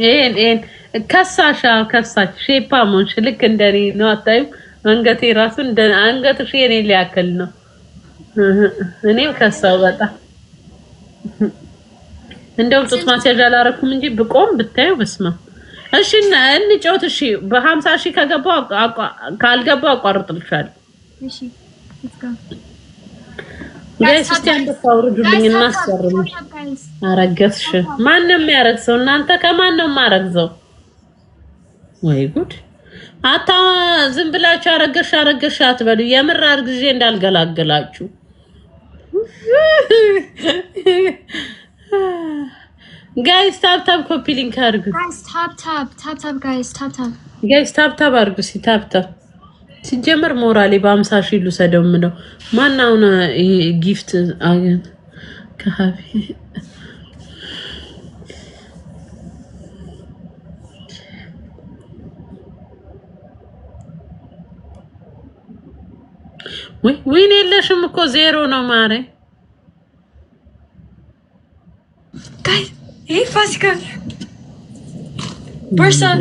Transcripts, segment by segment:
ይሄን ከሳሻ ከሳች ሼፓ መሆንሽ ልክ እንደኔ ነው። አታዩም? አንገቴ ራሱ እንደ አንገትሽ የኔ ሊያክል ነው። እኔም ከሳው በጣም እንደውም ጡት ማስያዣ አላረኩም እንጂ ብቆም ብታዩ በስማ እሺ፣ እና እንጫወት። እሺ፣ በሀምሳ ሺህ ከገባው ካልገባው አቋርጥልሻለሁ። እሺ ጋይስ እስቲ አንበሳ አውርዱልኝ እና አስገርሙ። አረገዝሽ? ማን ነው የሚያረግዘው? እናንተ ከማን ነው የማረግዘው? ወይ ጉድ! አታ ዝም ብላችሁ አረገሽ አረገሽ አትበሉ። የምር አርግዤ እንዳልገላገላችሁ ጋይስ። ታብታብ ኮፒ ሊንክ ጋይስ። ታብታብ ታብታብ ጋይስ ታብታብ ጋይስ ታብታብ ሲ ታብታብ ሲጀመር ሞራሌ በአምሳ ሺህ ልውሰደው ነው ማን አሁን ጊፍት አገን ከሀቢ ዊን የለሽም እኮ ዜሮ ነው ማሬ። ፋሲካ ፐርሰን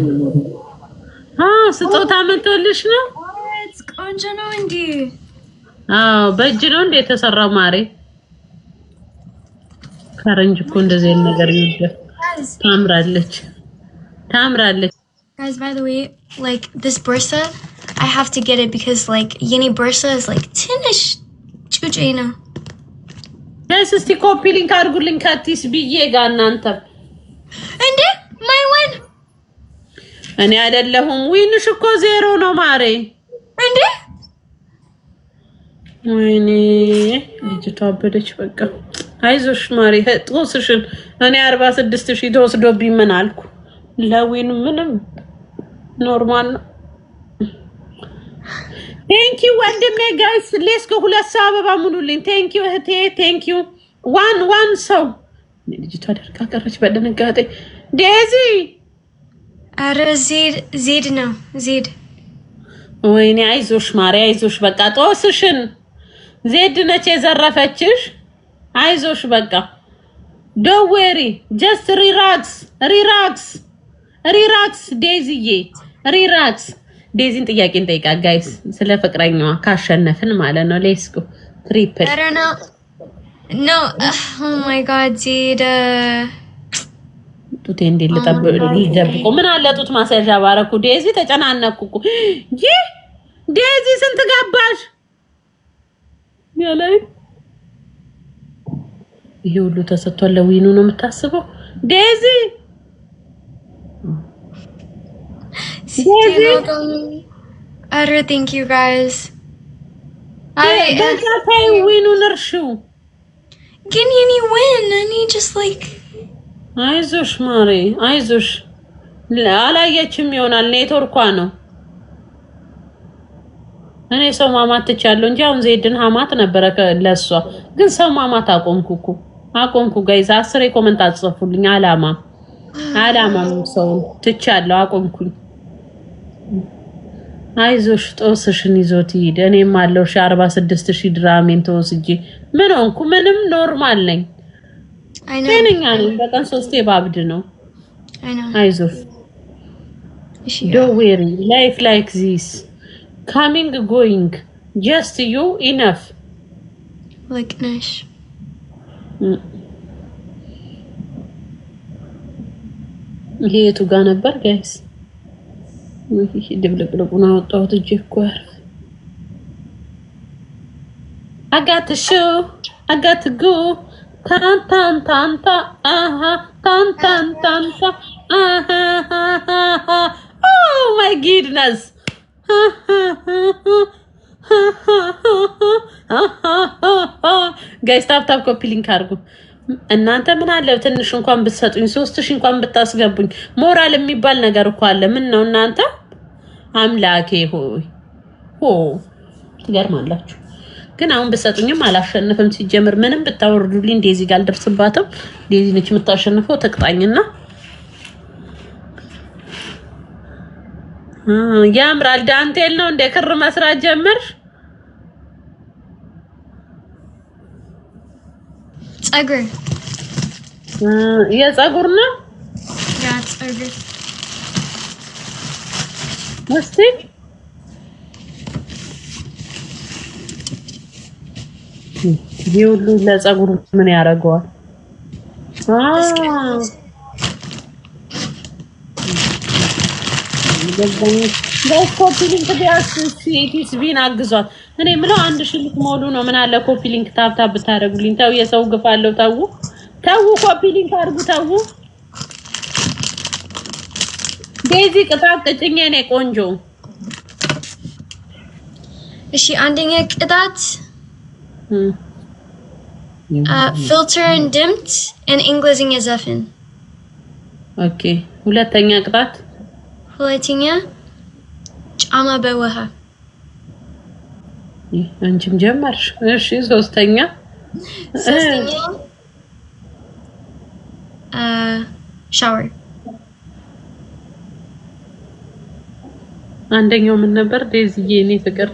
ስጦታ መቶልሽ ነው። ቆንጆ ነው እንዴ? አዎ፣ በእጅ ነው እንዴ የተሰራው? ማሬ ከረንጅ እኮ እንደዚህ ነገር guys by the way like this bursa i have to get it because like yini bursa is like tinish chujina guys is the copy link argu link at this biye ga nanta እንደ ማይ ወን እኔ አይደለሁም ዊንሽ እኮ ዜሮ ነው ወይኔ ልጅቷ አበደች። በቃ አይዞሽ ማሪ ጦስሽን እኔ አርባ ስድስት ሺህ ተወስዶብኝ ምን አልኩ? ለዊን ምንም ኖርማል ነው። ቴንኪው ወንድሜ ጋይስ ሌስ ከሁለት ሰው አበባ ሙሉልኝ። ቴንኪው እህቴ ቴንኪው ዋን ዋን ሰው ልጅቷ ደርቃ ቀረች በድንጋጤ ዴዚ። አረ ዜድ ዜድ ነው ዜድ። ወይኔ አይዞሽ ማሪ አይዞሽ በቃ ጦስሽን ዜድ ነች የዘረፈችሽ። አይዞሽ በቃ ዶንት ጀስት ሪላክስ ሪላክስ ሪላክስ ዴዚዬ ሪላክስ። ዴዚን ጥያቄ እንጠይቃ ጋይስ፣ ስለ ፍቅረኛዋ ካሸነፍን ማለት ነው። ሌስኩ ትሪፕል ነው ማይ ጋድ ዜድ ጡቴ እንዴት ልጠብቁ? ምን አለ ጡት ማስያዣ ባረኩ። ዴዚ ተጨናነኩ ይህ ዴዚ ስንት ገባሽ? ያ ላይ ይሄ ሁሉ ተሰጥቷል። ለዊኑ ነው የምታስበው ዴዚ አረ ቴንክ ዩ ጋይስ አይ ግን ዊን ጀስት ላይክ አይዞሽ ማሪ አይዞሽ። አላየችም ይሆናል ኔትወርኳ ነው እኔ ሰው ማማት ትቻለሁ እንጂ አሁን ዜድን ሀማት ነበረ ለሷ ግን ሰው ማማት አቆምኩ እኮ አቆምኩ። ጋይዝ አስር የኮመንት አጽፉልኝ። አላማ አላማም ሰውን ትቻለሁ አቆምኩኝ። አይዞሽ ጦስሽን ይዞት ይሄድ እኔም አለሁሽ አርባ ስድስት ሺህ ድራሜን ተወስጄ ምን ሆንኩ? ምንም ኖርማል ነኝ። ጤነኛ ነኝ። በቀን ሶስቴ ባብድ ነው። አይዞሽ ዌሪ ላይፍ ላይክ ዚስ Coming, going. Just you enough. Like Nash. ይሄ የቱ ጋ ነበር ጋይስ? ይሄ ድብልቅልቁን አወጣሁት እጄ እኮ ያርፍ። አጋትሹ አጋትጉ ታንታንታንታ አሃ ታንታንታንታ አሃ ኦ ማይ ጊድነስ ጋይስ ታፕታፕ ኮፒ ሊንክ አድርጉ። እናንተ ምን አለ ትንሽ እንኳን ብትሰጡኝ፣ ሶስት ሺህ እንኳን ብታስገቡኝ። ሞራል የሚባል ነገር እኮ አለ። ምን ነው እናንተ አምላኬ ሆይ ሆ ትገርማላችሁ። ግን አሁን ብትሰጡኝም አላሸንፍም። ሲጀምር ምንም ብታወርዱልኝ ዴዚ ጋር አልደርስባትም። ዴዚ ነች የምታሸንፈው። ተቅጣኝና? ያምራል። ዳንቴል ነው እንደ ክር መስራት ጀምር። ጸጉር የጸጉር ነው ያ ጸጉር እስቲ ይሄ ሁሉ ለጸጉር ምን ያደርገዋል? አልገዛኝ። በኮፒ ሊንክ ቢያስ ሲቲስ አግዟት። እኔ ምለው አንድ ሺህ ልትሞሉ ነው። ምን አለ ኮፒ ሊንክ ታብታ ብታደርጉልኝ። ተው የሰው ግፍ አለው። ተው ተው፣ ኮፒ ሊንክ አድርጉ። ተው ዴዚ ቅጣት ቅጭኝ የኔ ቆንጆ። እሺ አንደኛ ቅጣት ፊልተር ድምፅ እንግሊዝኛ ዘፈን። ኦኬ ሁለተኛ ቅጣት ሁለተኛ ጫማ በውሃ አንቺም ጀመርሽ። እሺ፣ ሶስተኛ ሶስተኛ ሻወር አንደኛው ምን ነበር? ዴዚዬ እኔ ፍቅር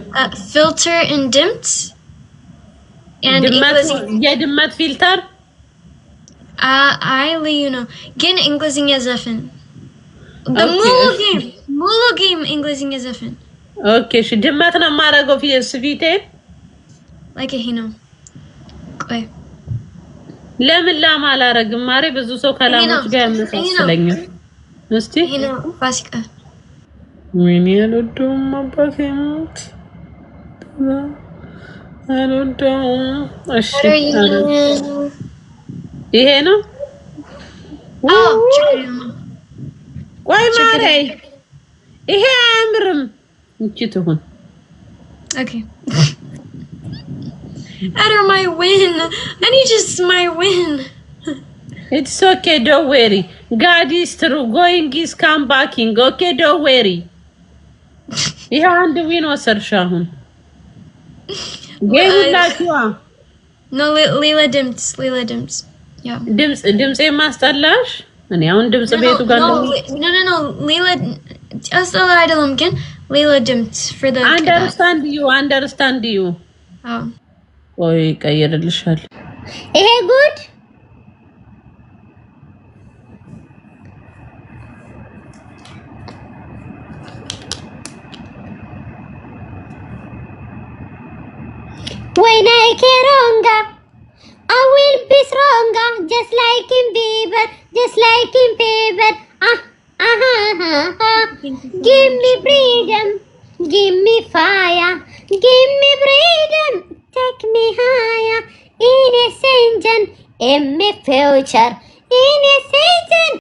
ፊልተር እንድምት የድመት ፊልተር አይ ልዩ ነው ግን እንግሊዝኛ ዘፈን ሙሉ ጌም እንግሊዝኛ ዘፈን። ኦኬ እሺ፣ ድመት ነው የማደርገው ፊቴ ላይክ ይሄ ነው። ቆይ ለምን ላም አላረግም? ማሬ ብዙ ሰው ከላሞች ጋር ያመሳስለኛል። እስቲ ይሄ ነው ፋሲካ ወይኔ አልወደውም፣ አባቴ ሞት አልወደውም። እሺ ይሄ ነው ማሬ ይሄ አያምርም። እቺ ትሁን ኦኬ Adder, my win. I need just my win. It's okay, don't worry. God is true. Going is come backing. Okay, don't worry. ይህ አንድ ዊን ወሰድሽ። አሁን ጌሙላችዋ ነው። ሌላ ድምፅ ሌላ ድምፅ ድምፅ ድምፅ የማስጠላሽ እኔ አሁን ድምጽ ቤቱ I ነው። ኖ ኖ ኖ I አስተላ አይደለም፣ ግን understand you is wrong, uh, just like him Bieber, just like him Bieber. Ah, ah, ah, ah, ah. Give me freedom, give me fire, give me freedom, take me higher. In a engine, in my future, in a season.